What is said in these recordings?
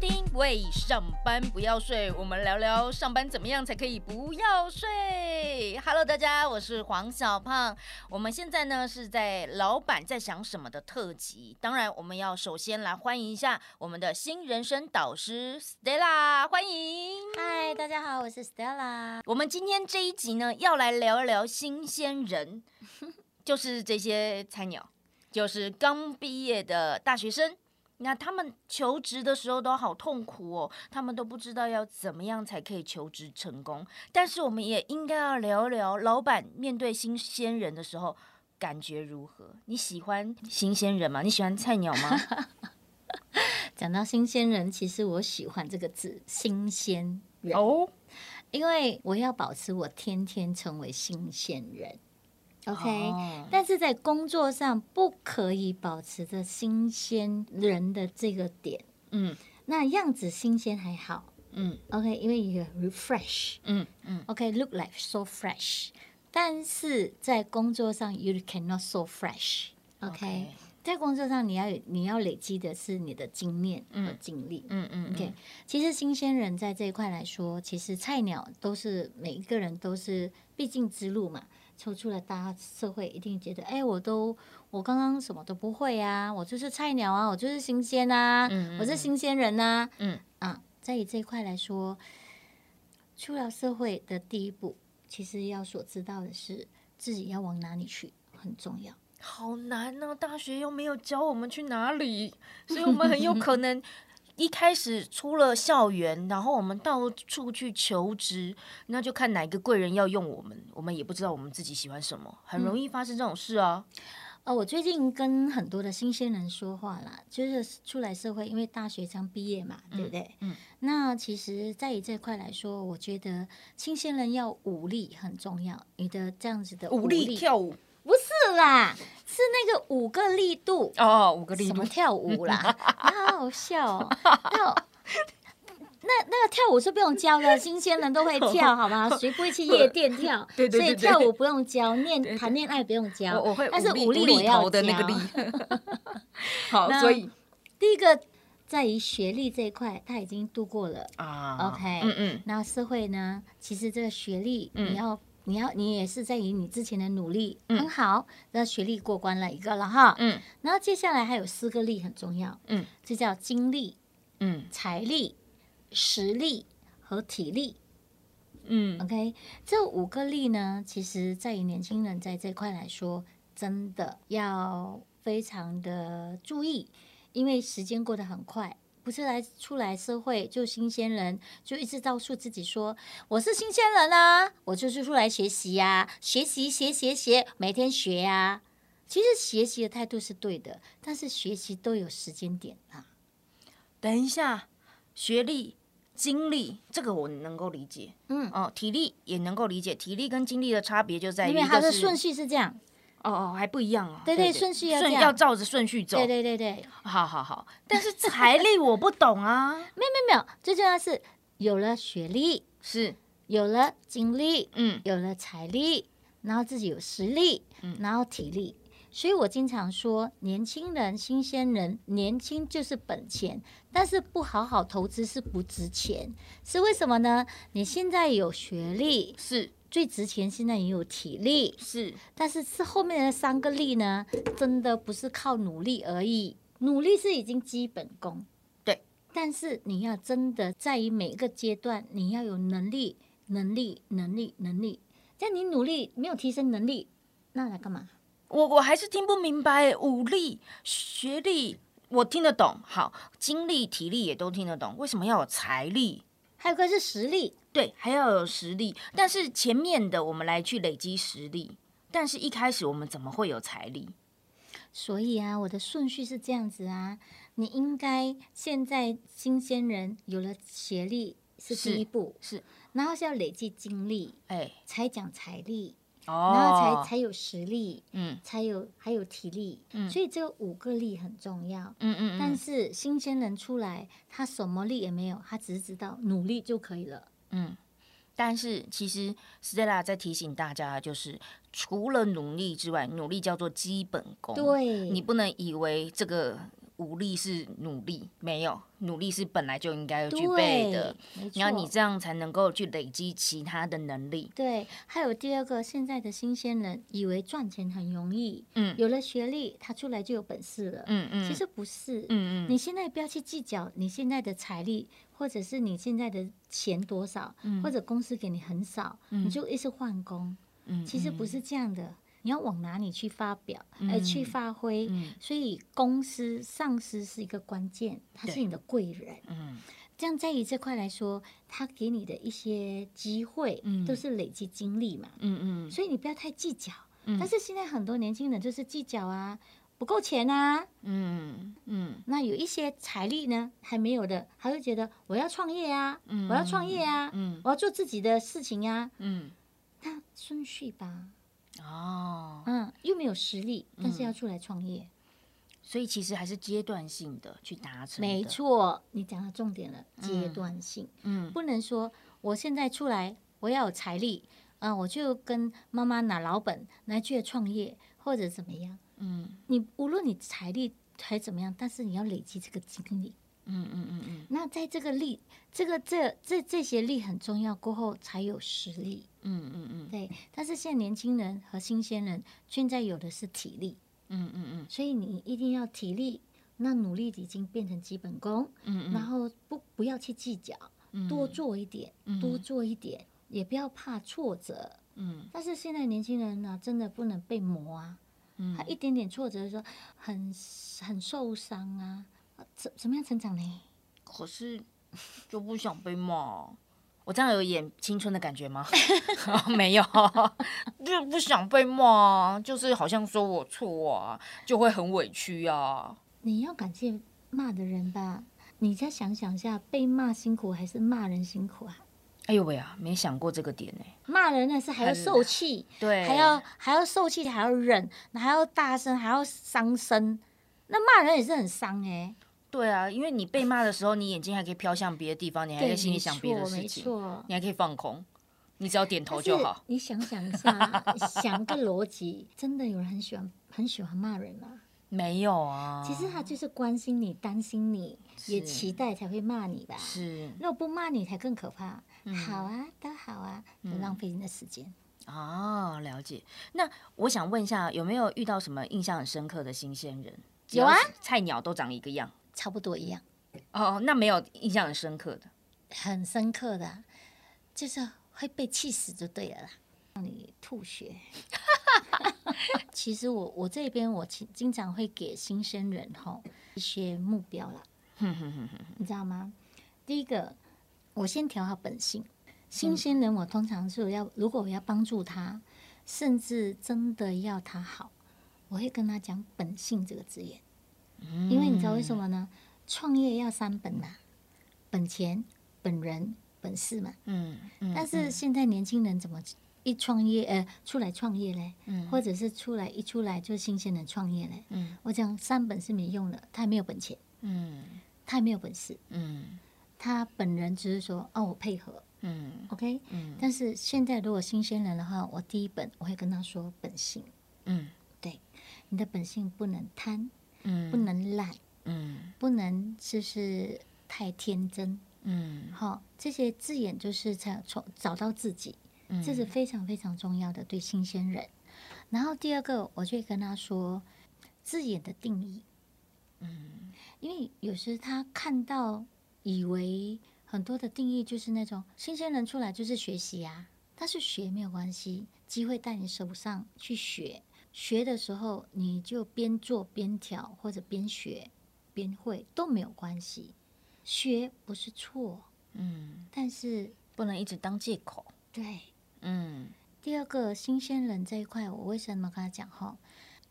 叮，喂，上班不要睡，我們聊聊上班怎麼樣才可以不要睡。Hello，大家，我是黃小胖。我們現在呢是在老闆在想什麼的特輯，當然我們要首先來歡迎一下我們的星人生導師 Stella，歡迎。Hi，大家好，我是 Stella。我們今天這一集呢要來聊一聊新鮮人， 就是這些菜鳥，就是剛畢業的大學生。那他們求職的時候都好痛苦哦，他們都不知道要怎麼樣才可以求職成功。但是我們也應該要聊聊，老闆面對新鮮人的時候感覺如何？你喜歡新鮮人嗎？你喜歡菜鳥嗎？講 到新鮮人，其實我喜歡這個字“新鮮”，哦、oh?，因為我要保持我天天成為新鮮人。OK，、oh. 但是在工作上不可以保持着新鮮人的這個點。嗯、mm.，那樣子新鮮還好。嗯、mm.，OK，因為一個 refresh。嗯、mm. 嗯，OK，look、okay, like so fresh，、mm. 但是在工作上 you cannot so fresh、okay,。OK，在工作上你要你要累積的是你的經驗和經歷。嗯、mm. 嗯，OK，mm. 其實新鮮人在這一塊來說，其實菜鳥都是每一個人都是必經之路嘛。抽出了大社會一定覺得，哎，我都我剛剛什麼都不會啊，我就是菜鳥啊，我就是新鮮啊，嗯、我是新鮮人啊。嗯啊，在以這一塊來說，出了社會的第一步，其實要所知道的是自己要往哪裡去，很重要。好難呢，啊，大學又沒有教我們去哪裡，所以我們很有可能。 一開始出了校園，然後我們到處去求職，那就看哪個貴人要用我們，我們也不知道我們自己喜歡什麼，很容易發生這種事哦、啊嗯。呃，我最近跟很多的新鮮人說話啦，就是出來社會，因為大學剛畢業嘛，對不、嗯、對？嗯。那其實，在於這塊來說，我覺得新鮮人要武力很重要，你的這樣子的武力，武力跳舞。是啦，是那個五個力度哦，oh, 五個力度什麼跳舞啦， 好，好笑、喔。 那那那個跳舞是不用教的， 新鮮人都會跳， 好嗎？誰不會去夜店跳 對對對對？所以跳舞不用教，戀談戀愛不用教，對對對但是五力裡頭的那個力。 好，所以第一個在於學歷這一塊，他已經度過了啊。Uh, OK，嗯嗯那社會呢？其實這個學歷、嗯、你要。你要，你也是在於你之前的努力，很好，那學歷過關了一個了哈。嗯，然後接下來還有四個力很重要，嗯，這叫精力，嗯，財力、實力和體力，嗯，OK，這五個力呢，其實在於年輕人在這塊來說，真的要非常的注意，因為時間過得很快。不是來出來社會就新鮮人，就一直告訴自己說我是新鮮人啊，我就是出來學習呀，啊，學習學學學，每天學啊。其實學習的態度是對的，但是學習都有時間點啊。等一下，學歷、經歷，這個我能夠理解。嗯哦，體力也能夠理解，體力跟精力的差別就在於，因為它的順序是這樣。哦哦，還不一樣啊、哦。對對，順序要要照着順序走。對對對對。好好好， 但是財力我不懂啊。沒有沒有沒有，最重要是有了學歷，是有了經歷，嗯，有了財力，然後自己有實力，嗯，然後體力、嗯。所以我經常說，年輕人、新鮮人，年輕就是本錢，但是不好好投資是不值錢。是為什麼呢？你現在有學歷是。最值錢，現在也有體力是，但是這後面的三個力呢，真的不是靠努力而已，努力是已經基本功，對。但是你要真的在於每一個階段，你要有能力，能力，能力，能力。但你努力沒有提升能力，那來幹嘛？我我還是聽不明白，努力、學歷我聽得懂，好，精力、體力也都聽得懂，為什麼要有財力？還有一個是實力，對，還要有實力。但是前面的我們來去累積實力，但是一開始我們怎麼會有財力？所以啊，我的順序是這樣子啊，你應該現在新鮮人有了學歷是第一步是，是，然後是要累積經歷，哎，才講財力。然後才才有實力，嗯，才有，還有體力，嗯，所以這五個力很重要，嗯嗯，嗯。但是新鮮人出來，他什麼力也沒有，他只是知道努力就可以了，嗯。但是其實 Stella 在提醒大家，就是除了努力之外，努力叫做基本功，對，你不能以為這個。努力是努力，沒有努力是本來就應該具備的。你要你這樣才能夠去累積其他的能力。對，還有第二個，現在的新鮮人以為賺錢很容易。嗯，有了學歷，他出來就有本事了。嗯嗯，其實不是。嗯嗯，你現在不要去計較你現在的財力，或者是你現在的錢多少，嗯、或者公司給你很少，嗯、你就一直換工。嗯，其實不是這樣的。你要往哪裡去發表？而、呃嗯、去發揮、嗯。所以公司上司是一個關鍵，他是你的貴人。嗯，這樣在於這塊來說，他給你的一些機會，都是累積經歷嘛。嗯，嗯，嗯，所以你不要太計較、嗯。但是現在很多年輕人就是計較啊，不夠錢啊。嗯嗯。那有一些財力呢，還沒有的，他會覺得我要創業啊，嗯、我要創業啊、嗯嗯，我要做自己的事情啊。嗯。那順序吧。哦，嗯，又沒有實力，但是要出來創業、嗯，所以其實還是階段性的去達成。沒錯，你講到重點了，階、嗯、段性，嗯，不能說我現在出來我要有財力啊、呃，我就跟媽媽拿老本來去創業或者怎麼樣。嗯，你無論你財力還怎麼樣，但是你要累積這個經歷。嗯嗯嗯嗯，那在這個力，這個這個、這這，這些力很重要過後，才有實力。嗯嗯嗯，對，但是現在年輕人和新鮮人現在有的是體力，嗯嗯嗯，所以你一定要體力那努力已經變成基本功，嗯，嗯然後不不要去計較，多做一點，嗯、多做一點、嗯多做一點嗯，也不要怕挫折，嗯，但是現在年輕人呢、啊，真的不能被磨啊，嗯，他一點點挫折的時候，很很受傷啊，怎怎麼樣成長呢？可是就不想被罵。 我這樣有演青春的感覺嗎？ 哦、沒有， 就不想被罵，就是好像說我錯啊，就會很委屈呀、啊。你要感謝罵的人吧，你再想想一下，被罵辛苦還是罵人辛苦啊？哎呦喂啊，沒想過這個點哎、欸。罵人那是還要受氣，對，還要還要受氣，還要忍，還要大聲，還要傷身。那罵人也是很傷哎、欸。對啊，因為你被罵的時候，你眼睛還可以飄向別的地方，你還可以心裡想別的事情，你還可以放空，你只要點頭就好。你想想一下， 想個邏輯，真的有人很喜歡很喜歡罵人嗎？沒有啊。其實他就是關心你、擔心你，也期待才會罵你吧。是，那我不罵你才更可怕。好啊，嗯、都好啊，很、嗯、浪費你的時間。哦，了解。那我想問一下，有沒有遇到什麼印象很深刻的新鮮人？有啊，菜鳥都長一個樣。差不多一樣，哦，那沒有印象很深刻的，很深刻的，就是會被氣死就對了啦，讓你吐血。 其實我我這邊我經經常會給新鮮人吼一些目標啦， 你知道嗎？第一個，我先調好本性。新鮮人，我通常是要如果我要幫助他，甚至真的要他好，我會跟他講“本性”這個字眼。嗯、因為你知道為什麼呢？創業要三本吶，本錢、本人、本事嘛，嗯嗯。但是現在年輕人怎麼一創業呃出來創業嘞，嗯？或者是出來一出來就新鮮人創業嘞，嗯？我講三本是沒用的，他也沒有本錢。嗯，他也沒有本事。嗯，他本人只是說哦，啊，我配合。嗯，OK。嗯，但是現在如果新鮮人的話，我第一本我會跟他說本性。嗯，對，你的本性不能貪。嗯，不能懶，嗯，不能就是太天真，嗯，好，這些字眼就是才從找到自己、嗯，這是非常非常重要的對新鮮人。然後第二個，我就會跟他說字眼的定義，嗯，因為有時他看到以為很多的定義就是那種新鮮人出來就是學習啊，但是學沒有關係，機會在你手上去學。學的時候，你就邊做邊挑，或者邊學邊會都沒有關係。學不是錯，嗯，但是不能一直當借口。對，嗯。第二個，新鮮人這一塊，我為什麼跟他講哈？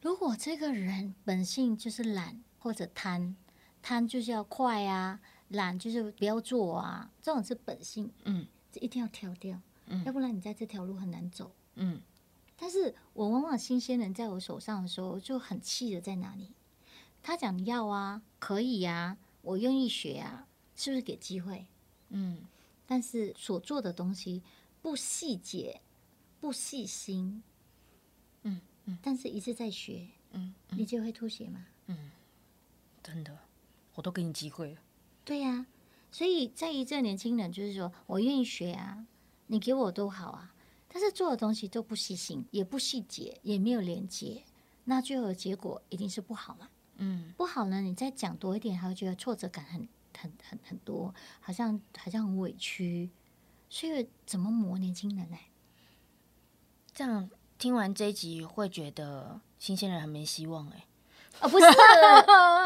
如果這個人本性就是懶或者貪，貪就是要快啊，懶就是不要做啊，這種是本性，嗯，這一定要挑掉，嗯，要不然你在這條路很難走，嗯。但是我往往新鮮人在我手上的時候，就很氣的在哪裡，他講要啊，可以呀，啊，我願意學啊，是不是給機會？嗯，但是所做的東西不細節，不細心，嗯嗯，但是一直在學，嗯，你就會吐血嗎？嗯，真的，我都給你機會了，對呀，啊，所以在於這年輕人就是說我願意學啊，你給我多好啊。但是做的東西都不細心，也不細節，也沒有連接，那最後的結果一定是不好嘛？嗯，不好呢，你再講多一點，還會覺得挫折感很、很、很很多，好像好像很委屈。所以怎麼磨年輕人呢？這樣聽完這一集會覺得新鮮人還沒希望哎、欸？啊、哦，不是，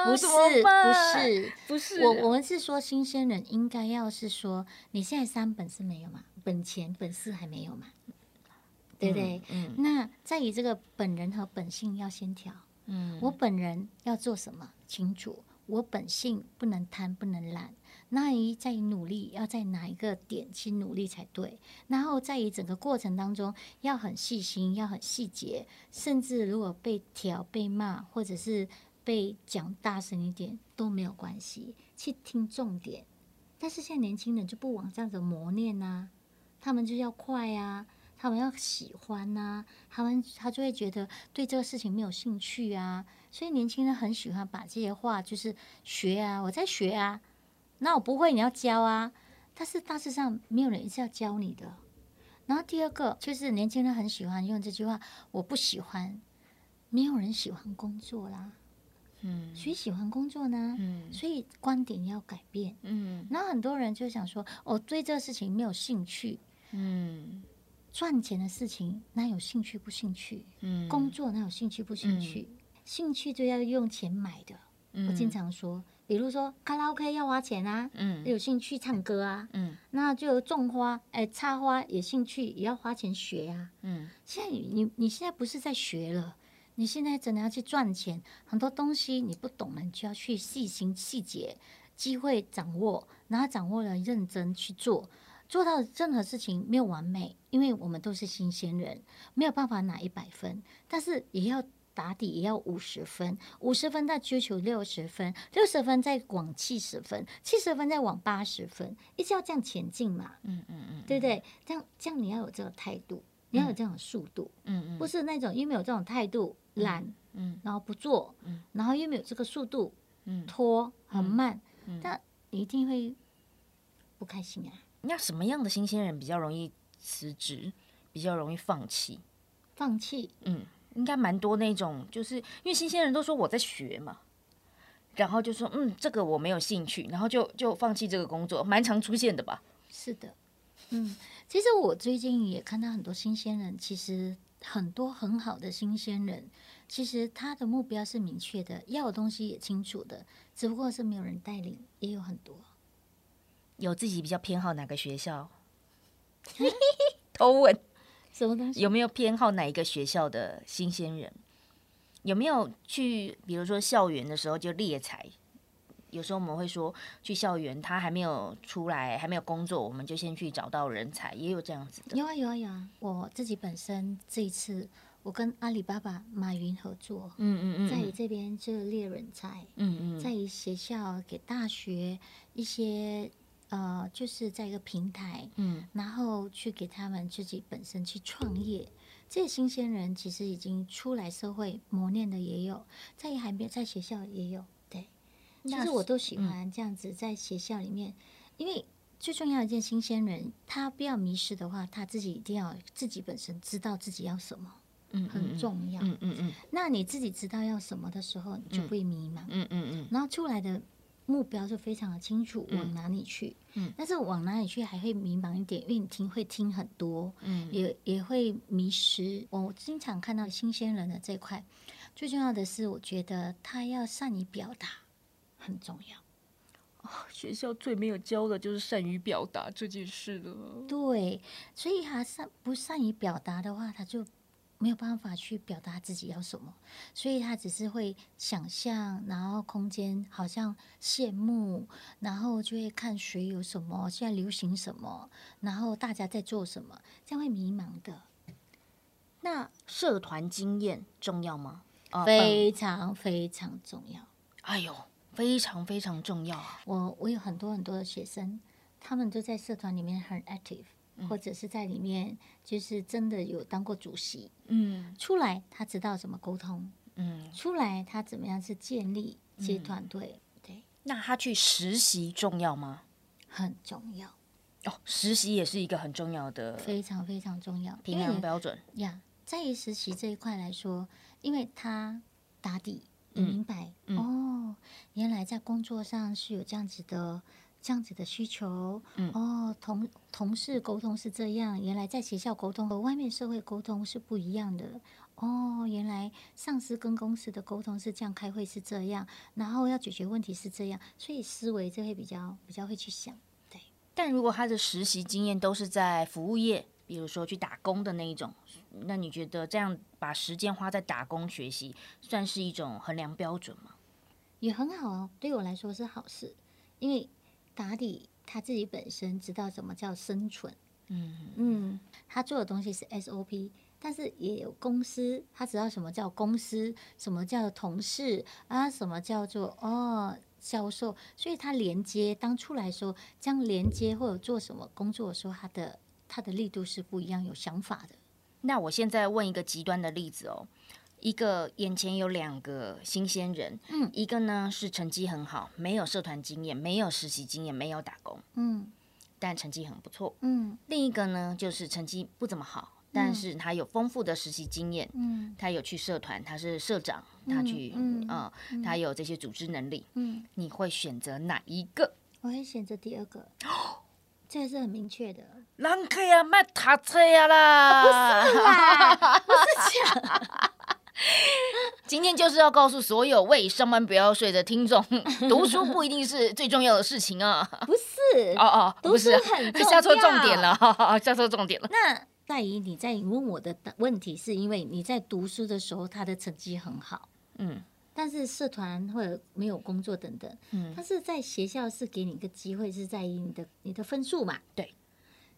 不是， 不是，不是，不是，我我們是說新鮮人應該要是說你現在三本是沒有嘛？本錢本事還沒有嘛？對對、嗯嗯？那在於這個本人和本性要先調。嗯，我本人要做什麼清楚，我本性不能貪不能懶。那一在於努力要在哪一個點去努力才對。然後在於整個過程當中要很細心，要很細節。甚至如果被調被罵，或者是被講大聲一點都沒有關係，去聽重點。但是現在年輕人就不往這樣子磨練吶、啊，他們就要快啊。他們要喜歡吶、啊，他們他就會覺得對這個事情沒有興趣啊，所以年輕人很喜歡把這些話就是學啊，我在學啊，那我不會，你要教啊，但是大致上沒有人是要教你的。然後第二個就是年輕人很喜歡用這句話，我不喜歡。沒有人喜歡工作啦，嗯，誰喜歡工作呢？嗯，所以觀點要改變，嗯，然後很多人就想說，我、哦、對這個事情沒有興趣，嗯。賺錢的事情，哪有興趣不興趣？嗯，工作哪有興趣不興趣？嗯，興趣就要用錢買的，嗯。我經常說，比如說卡拉 OK 要花錢啊，嗯，有興趣唱歌啊，嗯，那就種花，哎，插花有興趣，也要花錢學啊，嗯。現在你你現在不是在學了，你現在真的要去賺錢。很多東西你不懂了，你就要去細心細節，機會掌握，然後掌握了認真去做。做到任何事情沒有完美，因為我們都是新鮮人，沒有辦法拿一百分，但是也要打底，也要五十分，五十分再追求六十分，六十分再往七十分，七十分再往八十分，一直要這樣前進嘛。嗯嗯嗯，對不對？這樣，這樣你要有這個態度，你要有這樣的速度。嗯嗯。不是那種因為有這種態度懶、嗯，嗯，然後不做，嗯，然後因為有這個速度，嗯，拖很慢，嗯，嗯，但你一定會不開心啊。你要什麼樣的新鮮人比較容易辭職？比較容易放棄？放棄？嗯，應該蠻多那種，就是因為新鮮人都說我在學嘛，然後就說嗯，這個我沒有興趣，然後就就放棄這個工作，蠻常出現的吧？是的，嗯，其實我最近也看到很多新鮮人，其實很多很好的新鮮人，其實他的目標是明確的，要的東西也清楚的，只不過是沒有人帶領，也有很多。有自己比較偏好哪個學校？偷問，什麼東西？有沒有偏好哪一個學校的新鮮人？有沒有去，比如說校園的時候就獵才？有時候我們會說去校園，他還沒有出來，還沒有工作，我們就先去找到人才，也有這樣子的。有啊，有啊，有啊！我自己本身這一次，我跟阿里巴巴、馬雲合作，嗯嗯嗯，在這邊就獵人才，嗯嗯嗯，在學校給大學一些。呃，就是在一個平台，嗯，然後去給他們自己本身去創業。這些新鮮人其實已經出來社會磨練的也有，在還沒有在學校也有。對，其實、就是、我都喜歡這樣子在學校裡面，嗯、因為最重要的，一件新鮮人他不要迷失的話，他自己一定要自己本身知道自己要什麼，嗯，很重要，嗯。嗯嗯，那你自己知道要什麼的時候，你就會迷茫，嗯嗯嗯，嗯。然後出來的。目標就非常的清楚，往哪裡去？嗯，嗯，但是往哪裡去還會迷茫一點，因為你聽會聽很多，嗯，也也會迷失。我經常看到新鮮人的這塊，最重要的是，我覺得他要善於表達很重要。哦，學校最沒有教的就是善於表達這件事了。對，所以他善不善於表達的話，他就沒有辦法去表達自己要什麼，所以他只是會想象，然後空間好像羨慕，然後就會看誰有什麼，現在流行什麼，然後大家在做什麼，這樣會迷茫的。那非常非常社團經驗重要嗎？非常非常重要。哎呦，非常非常重要啊！我我有很多很多的學生，他們都在社團裡面很 active。或者是在裡面，就是真的有當過主席。嗯，出來他知道怎麼溝通。嗯，出來他怎麼樣去建立這些團隊？對。那他去實習重要嗎？很重要。哦，實習也是一個很重要的，非常非常重要，衡量標準。呀、yeah，在於實習這一塊來說，因為他打底、嗯、明白、嗯、哦，原來在工作上是有這樣子的。這樣子的需求，嗯、哦，同同事溝通是這樣，原來在學校溝通和外面社會溝通是不一樣的。哦，原來上司跟公司的溝通是這樣，開會是這樣，然後要解決問題是這樣，所以思維就會比較比較會去想。對。但如果他的實習經驗都是在服務業，比如說去打工的那一種，那你覺得這樣把時間花在打工學習，算是一種衡量標準嗎？也很好啊，對我來說是好事，因為。打底他自己本身知道什麼叫生存。嗯嗯，他做的東西是 SOP，但是也有公司，他知道什麼叫公司、什麼叫同事啊、什麼叫做哦銷售，所以他連接當出來的時候，將連接或者做什麼工作的時候，他的他的力度是不一樣，有想法的。那我現在問一個極端的例子哦。一個眼前有兩個新鮮人，嗯，一個呢是成績很好，沒有社團經驗，沒有實習經驗，沒有打工，嗯，但成績很不錯，嗯，另一個呢就是成績不怎麼好，嗯，但是他有豐富的實習經驗，嗯，他有去社團，他是社長，他去，嗯，嗯嗯他有這些組織能力，嗯，你會選擇哪一個？我會選擇第二個。哦、這個是很明確的。難看啊，賣讀車呀啦，哦，不是啦，不是假 今天就是要告訴所有位上班不要睡的聽眾，讀書不一定是最重要的事情啊。 不是哦哦，讀書很重要。啊、下錯重點了， 下錯重點了。那大姨，你在問我的問題，是因為你在讀書的時候，他的成績很好。嗯，但是社團或者沒有工作等等。嗯，他是在學校是給你一個機會，是在於你的你的分數嘛。對，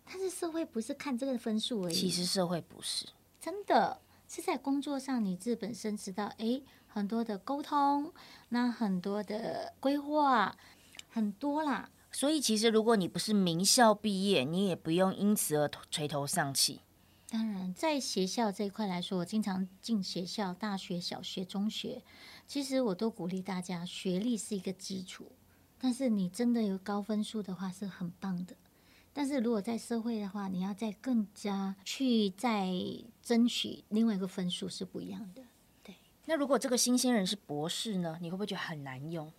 但是社會不是看這個分數而已。其實社會不是真的。是在工作上，你自本身知道，誒，很多的溝通，那很多的規劃，很多啦。所以其實，如果你不是名校畢業，你也不用因此而垂頭喪氣。當然，在學校這一塊來說，我經常進學校、大學、小學、中學，其實我都鼓勵大家，學歷是一個基礎，但是你真的有高分數的話，是很棒的。但是如果在社會的話，你要再更加去再爭取另外一個分數是不一樣的。對。那如果這個新鮮人是博士呢？你會不會覺得很難用？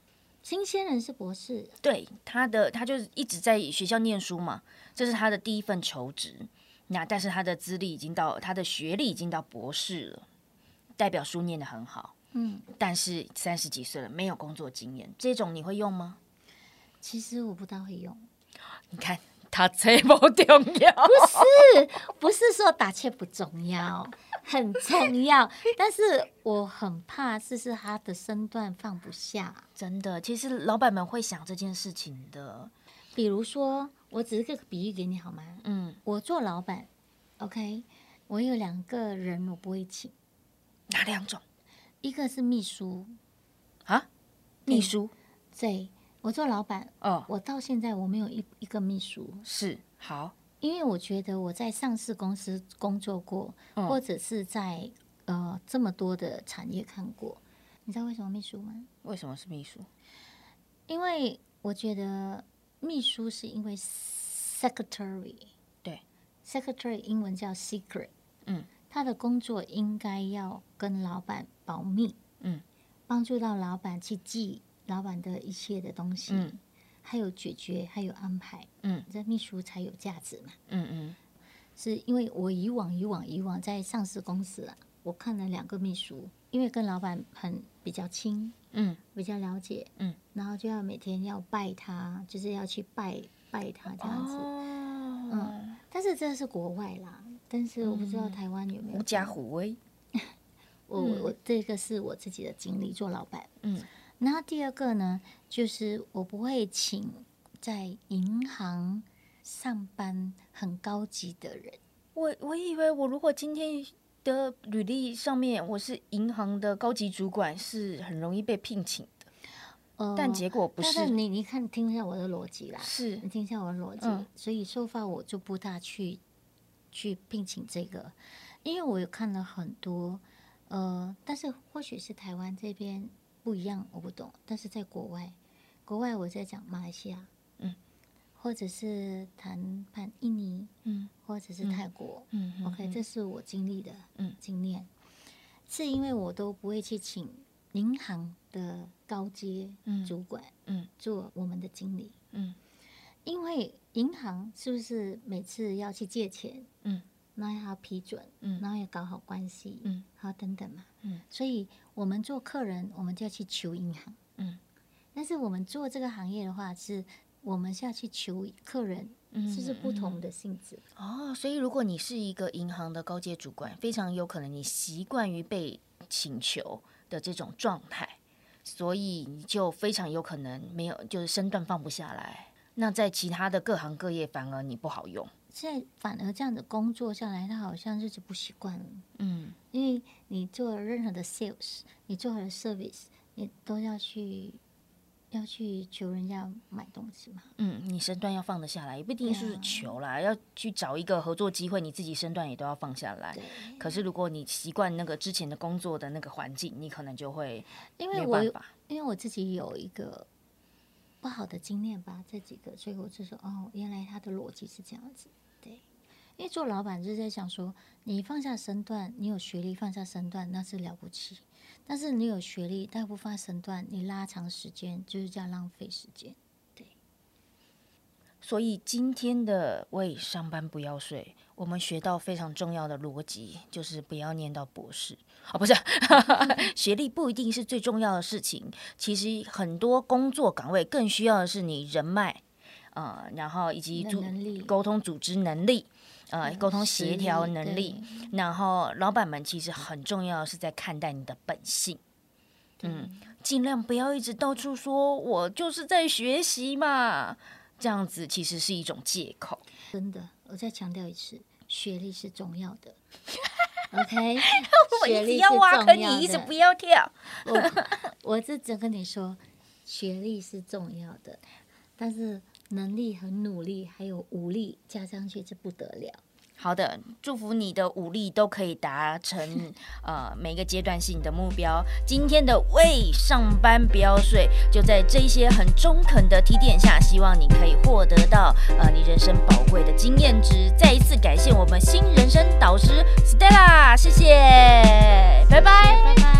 新鮮人是博士。對，他的他就是一直在學校念書嘛，這是他的第一份求職。那但是他的資歷已經到，他的學歷已經到博士了，代表書念得很好。嗯。但是三十幾歲了，沒有工作經驗，這種你會用嗎？其實我不大會用。你看。他這不重要不，不是不是說打車不重要，很重要。 但是我很怕試試他的身段放不下。真的，其實老闆們會想這件事情的。比如說，我只是個比喻給你好嗎？嗯，我做老闆，OK，我有兩個人我不會請，okay? 哪兩種？一個是秘書啊，秘書在。嗯我做老板，哦、oh.，我到現在我沒有一一個秘書，是好，因為我覺得我在上市公司工作過，oh. 或者是在呃這麼多的產業看過，你知道為什麼秘書嗎？為什麼是秘書？因為我覺得秘書是因為 secretary，對，secretary 英文叫 secret，嗯，他的工作應該要跟老板保密，嗯，幫助到老板去記。老闆的一切的東西，嗯，還有解決，還有安排，嗯，這秘書才有價值嘛，嗯嗯，是因為我以往、以往、以往在上市公司啊，我看了兩個秘書，因為跟老闆很比較親，嗯，比較了解，嗯，然後就要每天要拜他，就是要去拜拜他這樣子，哦、嗯，但是這是國外啦，但是我不知道台灣有沒有狐假虎威，我我這個是我自己的經歷，做老闆，嗯。嗯那第二個呢，就是我不會請在銀行上班很高級的人。我我以為我如果今天的履歷上面我是銀行的高級主管，是很容易被聘請的。呃、但結果不是。但但你你看，聽一下我的邏輯啦，是你聽一下我的邏輯，嗯、所以說法我就不大去去聘請這個，因為我看了很多，呃，但是或許是台灣這邊。不一樣，我不懂。但是在國外，國外我在講馬來西亞，嗯，或者是談判印尼，嗯，或者是泰國，嗯，嗯，嗯，OK，這是我經歷的經驗，經、嗯、驗，是因為我都不會去請銀行的高階，主管，嗯，做我們的經理，嗯，嗯，嗯，因為銀行是不是每次要去借錢，嗯，然後要，要批准，然後也搞好關係，好、嗯、等等嘛。嗯，所以我們做客人，我們就要去求銀行。嗯，但是我們做這個行業的話，是我們是要去求客人，這、嗯嗯嗯、是，是不同的性質。哦，所以如果你是一個銀行的高階主管，非常有可能你習慣於被請求的這種狀態，所以你就非常有可能沒有就是身段放不下來。那在其他的各行各業，反而你不好用。現在反而這樣子工作下來，他好像日子不習慣了。嗯，因為你做任何的 sales，你做任何 service，你都要去要去求人家買東西嘛。嗯，你身段要放得下來，也不一定是求啦，啊，要去找一個合作機會，你自己身段也都要放下來。啊，可是如果你習慣那個之前的工作的那個環境，你可能就會沒辦法，因為我，因為我自己有一個。不好的經驗吧，這幾個，所以我就說，哦，原來他的邏輯是這樣子，對，因為做老板就是在想說，你放下身段，你有學歷放下身段那是了不起，但是你有學歷，但不放身段，你拉長時間就是這樣浪費時間，對，所以今天的位上班不要睡，我們學到非常重要的邏輯，就是不要念到博士。哦，不是 學歷不一定是最重要的事情。其實很多工作崗位更需要的是你人脈，呃，然後以及組溝通組織能力，呃，溝通協調能力。然後老闆們其實很重要的是在看待你的本性，嗯，盡量不要一直到處說我就是在學習嘛，這樣子其實是一種借口，真的。我再強調一次，學歷是重要的。 OK，學歷是重要的， 要挖，可你一直不要跳。 我我這正跟你說，學歷是重要的，但是能力和努力還有武力加上去就不得了。好的，祝福你的努力都可以達成， 呃，每一個階段性的目標。今天的位上班不要睡，就在這一些很中肯的提點下，希望你可以獲得到，呃，你人生寶貴的經驗值，再一次感謝我們星人生導師 Stella，謝謝，拜拜，拜拜。謝謝，拜拜。